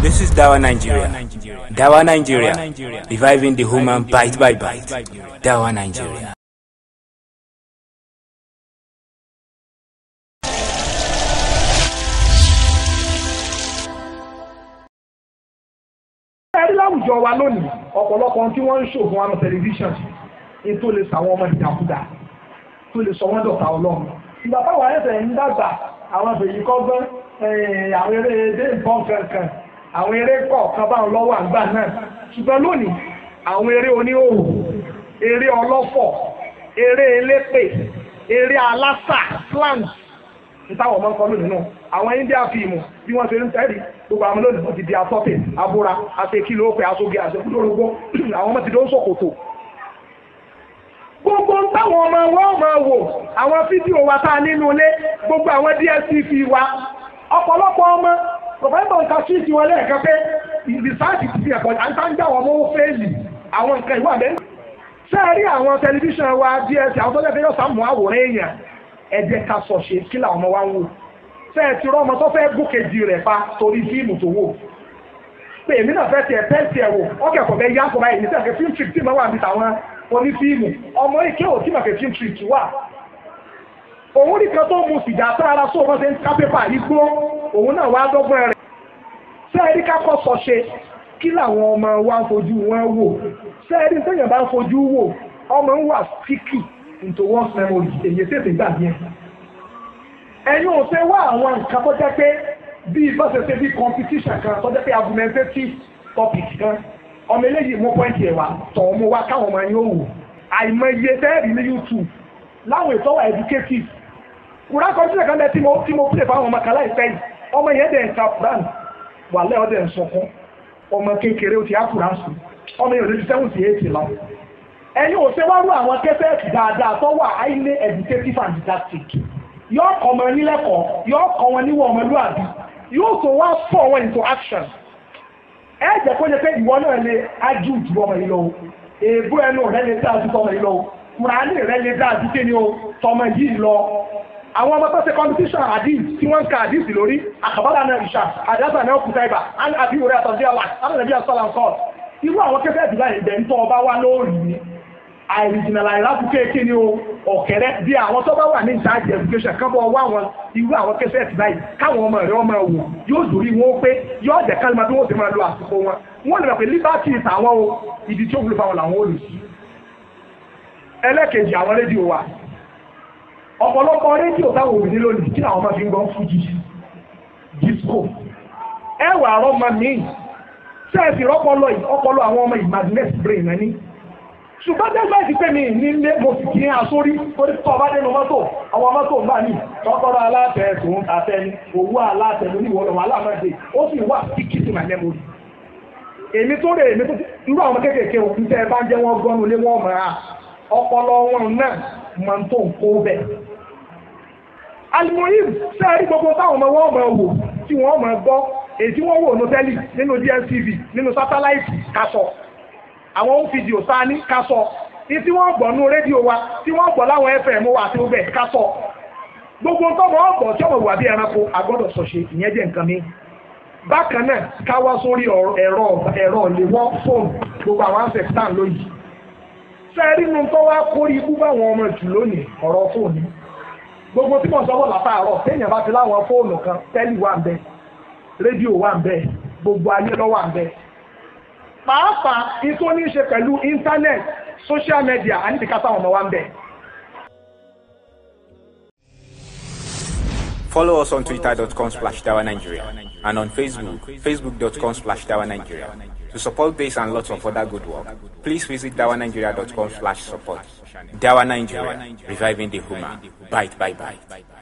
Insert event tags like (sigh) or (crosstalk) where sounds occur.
This is Dawa Nigeria. Dawa Nigeria. Reviving the human bite by bite. Dawa Nigeria. ẹ̀rí láwùjọ wa lónìí ọ̀pọ̀lọpọ̀ tí wọ́n ń ṣògùn àwọn tẹlifíṣàn ní tó lè sàwọn ọmọ ìdàkúdà tó lè sọ wọ́n dọ̀tà ọlọ́run ìgbà táwọn ẹ̀sẹ̀ ń dàgbà àwọn àbẹ̀yìn kọ́gbọ́n àwọn eré dé nǹkan kankan àwọn eré kọ̀ọ̀kan báwọn lọ́wọ́ àgbà náà ṣùgbọ́n lónìí àwọn eré oníhòòhò eré ọlọ́fọ̀ eré elépè eré alásà slang ìtawọ̀ ọmọ nǹkan lónìí náà àwọn India fíìmù bí wọ́n ṣe ń tẹ́rì gbogbo àwọn lónìí wọ́n ti di asọ́tẹ̀ abúra àtẹ̀kí ló pẹ́ aṣoge àṣekúlórógbó (clears throat) àwọn ọmọ ti dó sòkòtò. gbogbo táwọn ọmọ wọn máa wò àwọn fídíò wa tá a nínú ilé gbogbo àwọn DSTV wa ọ̀pọ̀lọpọ̀ ọmọ pọ̀fẹ́sọ̀ ń ka síìtì wọn lẹ́ẹ̀kan pé rìsáàtì ti fi ẹ̀kọ́ àtàǹdà wọn mọ́wó fẹ́ẹ̀lì àwọn nǹkan ìwà bẹ́ẹ̀. sẹ́ẹ̀rí àwọn tẹlifíṣàn wa dss àwọn tó lẹ́fẹ̀ẹ́ yóò sàmù àwòrán èèyàn ẹ̀jẹ̀ ká sọ̀ ṣe kí làwọn ọmọ wa ń wò. sẹ́ẹ̀ ti rọ́ ọmọ tó fẹ́ gòkèjì rẹ̀ pa torí fíìmù tó wò. pé èmi náà fẹ́ tiẹ̀ pẹ́ǹtì ẹ̀ wò ọkẹ́ kọ̀ bẹ́ẹ̀ yá kọ̀ báyìí nígbà kẹ́ fíìmù tìrìtì máa wà níta àwọn onífíìmù ọmọ ike ò tí màkẹ́ fíìmù tìrìtì wà òun nìkan tó mu sìgá sára sóò wọn ṣe ń ká pépà yìí gbó ẹ̀rí kákọ́ sọ ṣe kí làwọn ọmọ wa ń fojú wọn wò ṣé sẹ́yìn bá fojú wò ọmọ ń wà síkì into one memory èyí tètè gbà yẹn ẹ̀yin ò fẹ́ wá àwọn nǹkan tó jẹ́ pé bí ìbọ̀sẹ̀ bí competition kan tó jẹ́ pé argumentative topic kan ọmọ eléyìí mú pọ́ǹtì ẹ̀wà tọ̀ ọmọ wa káwọn ọmọ yín ò wò àìmọye fẹ́ẹ̀rí ní YouTube láwọn ìtọ́wà educative kùrá kan kan lẹ́ tí mo pè fáwọn ọmọ kan láìpẹ́ yìí ọmọ yẹn dẹ̀ ń brand wà lẹ́ ọdẹ nsọkún ọmọ kékeré ó ti ápùrásù ọmọ yóò lójú sẹ́wọ̀n sí èsì lọ. ẹ̀yin ò ṣe wárú àwọn kẹsẹ̀tì dáadáa tó wà highly educative and didactic yóò kọ́ ọmọ nílẹ̀kọ̀ọ́ yóò kọ́ wọn níwọ̀ ọmọlúwàbí yóò tó wá fọ̀ wọn into action. ẹ jẹ́ kó jẹ pé ìwọ náà lè ájú ju ọmọ yìí lọ o èébú ẹnu rẹ lè dáa ju tọmọ yìí lọ o kùránì rẹ lè dáa ju kéde o tọmọ yìí lọ àwọn ọmọ tó competition hadith tí wọ́n ń ka hadith lórí àkàbàdà náà ìṣà àdásà náà kùtà ibà and àbí orí àtàndí àwà àtàndí àsọlá nǹkan irú àwọn kẹfẹ́ ìdílé ìbẹ̀ ń ọba wá lórí ni àìrìjìnàlà ìlàkù kéèké ni ọ̀kẹ́rẹ́ bí àwọn tó wà ní ìta àjẹ education kan bọ́ wá wọn irú àwọn kẹfẹ́ ìdílé yìí káwọn ọmọ rẹ̀ ọmọ wò yóò dòrí wọn ó pé yóò jẹ́ kálímà bí wọ́n ti máa lo àsìkò wọn wọ́n lè rà liberty ìtàwọn o ìdí tí ó wúlò fáwọn làwọn ò lè sí ẹlẹ́kejì àwọn rédíò wa ọ̀pọ̀lọpọ̀ rédíò táwọn òbí lónìí kí làwọn máa fi ń gbọ́ fújì disco ẹwà rọ́mọ míì sẹ́ẹ̀sì rọ́pọlọ ọpọlọ àwọn ọmọ madness brain ẹni ṣùgbọ́n tẹ́gbẹ́ ti pé mi nílé mo sì kí asórí torí tó ọba dénú mọ́tò àwọn mọ́tò ń bá mi tọ́kọ́rọ́ aláàtẹ̀ tòun àtẹni owó aláàtẹ̀ lórí ìwọ̀lọ̀ aláàmọ́dé ó sì wà kíkí sí my memory èmi tó rè èmi tó irú àwọn kéékèèké òkú tẹ́ ẹ bá ń jẹ́ wọ́n gbọ́nu lé wọ́n mọ́ a ọpọlọ wọn náà máa ń tó nǹkó bẹ́ẹ̀ alimoyim sẹ́ẹ̀rí gbogbo táwọn ọmọ wọn máa wò tí wọ́n máa gbọ́ èyí tí wọ́n wò ní tẹ́lì nínú DSTV nínú sátáláìtì kásọ̀ àwọn ohun fìdíò sáání kásọ̀ èyí tí wọ́n gbọ́ nú rédíò wa tí wọ́n gbọ́ láwọn FM wa àti ọgbẹ́ kásọ̀ gbogbo tọ́mọ ọgbọ̀ tí ọmọ ìwà bí ẹranko agbọ́dọ̀ sọ̀ṣe ìyẹn jẹ́ nǹkan mi bákan náà káwá sórí ẹ̀rọ ẹ̀rọ ìléwọ́ fóònù gbogbo àwọn ansẹ̀ tán lóyìí sẹ́ẹ̀rí nu tọ́wá kórí ikú báwọn ọmọ jù lónìí ọ̀rọ̀ fóònù gbogbo tí mo sọ bọ̀ látàárọ̀ téèyàn bá fi láwọn fóònù kan tẹ́lì wà ń bẹ rédíò wà ń bẹ gbogbo ayé ló wà ń bẹ pàápàá ìtò ní í ṣe pẹ̀lú íńtánẹ́ẹ̀tì social media àníbìkátà ọmọ wa ń bẹ. Follow us on twitter.com slash Tower Nigeria. and on Facebook, facebook.com slash Dawa Nigeria. To support this and lots of other good work, please visit dawanigeria.com slash support. Dawa Nigeria, reviving the human. Bite, bye, bye.